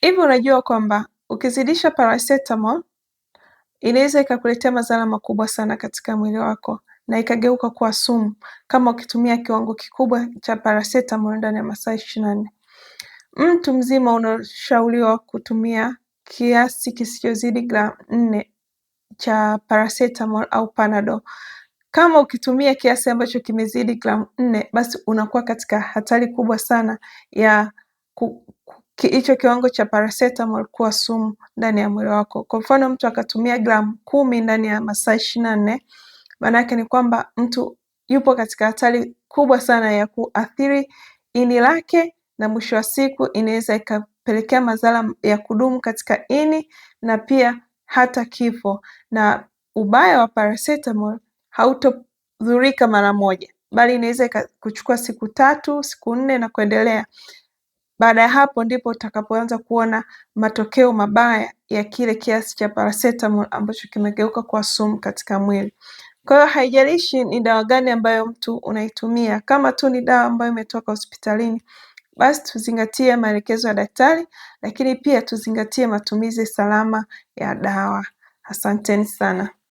Hivi unajua kwamba ukizidisha paracetamol inaweza ikakuletea madhara makubwa sana katika mwili wako na ikageuka kuwa sumu kama ukitumia kiwango kikubwa cha paracetamol ndani ya masaa ishirini na nne. Mtu mzima unashauriwa kutumia kiasi kisichozidi gramu nne cha paracetamol au panadol. Kama ukitumia kiasi ambacho kimezidi gramu nne, basi unakuwa katika hatari kubwa sana ya hicho kiwango cha paracetamol kuwa sumu ndani ya mwili wako. Kwa mfano mtu akatumia gramu kumi ndani ya masaa ishirini na nne maana yake ni kwamba mtu yupo katika hatari kubwa sana ya kuathiri ini lake, na mwisho wa siku inaweza ikapelekea madhara ya kudumu katika ini na pia hata kifo. Na ubaya wa paracetamol hautodhurika mara moja, bali inaweza kuchukua siku tatu, siku nne na kuendelea. Baada ya hapo ndipo utakapoanza kuona matokeo mabaya ya kile kiasi cha paracetamol ambacho kimegeuka kuwa sumu katika mwili. Kwa hiyo haijalishi ni dawa gani ambayo mtu unaitumia, kama tu ni dawa ambayo imetoka hospitalini, basi tuzingatie maelekezo ya daktari, lakini pia tuzingatie matumizi salama ya dawa. Asanteni sana.